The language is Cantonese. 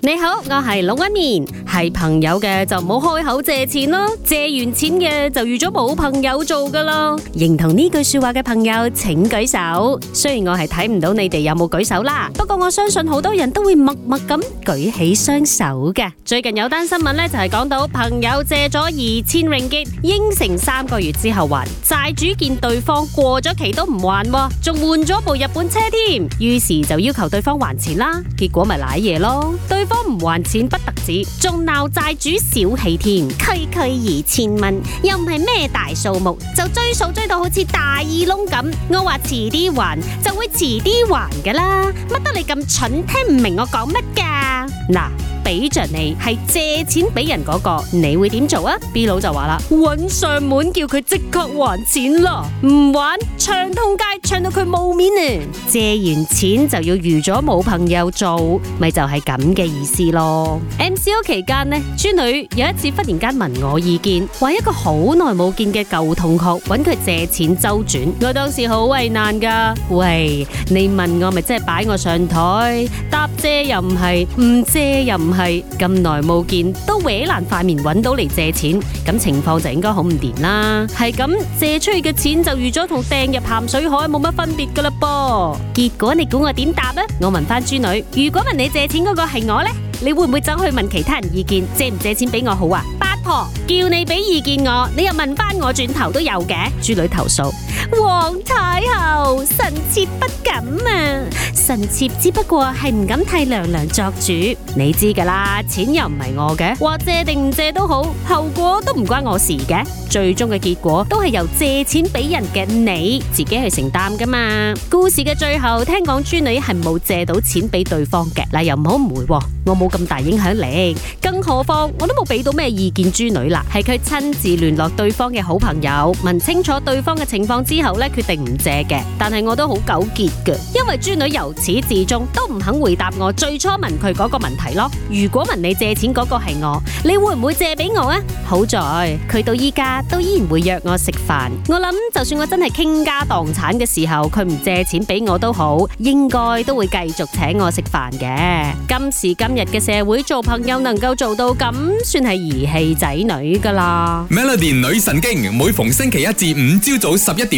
你好，我係龍紋敏，係朋友嘅就唔好開口借錢咯，借完錢嘅就預咗冇朋友做噶啦。認同呢句說話嘅朋友，請舉手。雖然我係睇唔到你哋有冇舉手啦，不過我相信好多人都會默默咁舉起雙手嘅。最近有單新聞咧，就係講到朋友借咗二千令吉，應承三個月之後還，債主見對方過咗期都唔還，仲換咗部日本車添，於是就要求對方還錢啦，結果咪瀨嘢咯，對。方唔還錢不得止，仲鬧債主小氣添，區區二千蚊又唔係咩大數目，就追數追到好似大耳窿咁。我話遲啲還就會遲啲還㗎啦，乜得你咁蠢聽唔明我講乜㗎？嗱？俾着你係借錢俾人嗰個，你會點做啊？B 佬就話啦，揾上門叫佢即刻還錢咯，唔搵唱通街，唱到佢冇面啊！借完錢就要預咗冇朋友做，咪就係咁嘅意思咯。M C O 期間呢，孫女有一次忽然間問我意見，話一個好耐冇見嘅舊同學揾佢借錢周轉，我當時好為難噶。喂，你問我咪即係擺我上台答，借又唔係，唔借又唔係。係咁耐冇見都搲爛塊面揾到嚟借錢，咁情況就應該好唔掂啦。係咁借出去嘅錢就預咗同掟入鹹水海冇乜分別噶啦噃。結果你估我點答呢？我問翻豬女，如果問你借錢嗰個係我呢，你會唔會走去問其他人意見借唔借錢俾我好啊？八婆，叫你俾意見我，你又問翻我轉頭都有嘅，豬女投訴。皇太后，臣妾不敢啊！臣妾只不過係唔敢替娘娘作主，你知噶啦，錢又唔係我嘅，話借定唔借都好，後果都唔關我事嘅，最終嘅結果都係由借錢俾人嘅你自己去承擔噶嘛。故事嘅最後，聽講豬女係冇借到錢俾對方嘅。嗱，又唔好誤會，我冇咁大影響力，更何況我都冇俾到咩意見豬女啦，係佢親自聯絡對方嘅好朋友，問清楚對方嘅情況。之後咧，決定唔借嘅，但係我都好糾結嘅，因為豬女由始至終都唔肯回答我最初問佢嗰個問題咯。如果問你借錢嗰個係我，你會唔會借俾我啊？好在佢到依家都依然會約我食飯，我諗就算我真係傾家蕩產嘅時候，佢唔借錢俾我都好，應該都會繼續請我食飯嘅。今時今日嘅社會，做朋友能夠做到咁，算係義氣仔女噶啦。Melody 女神經，每逢星期一至五朝早十一點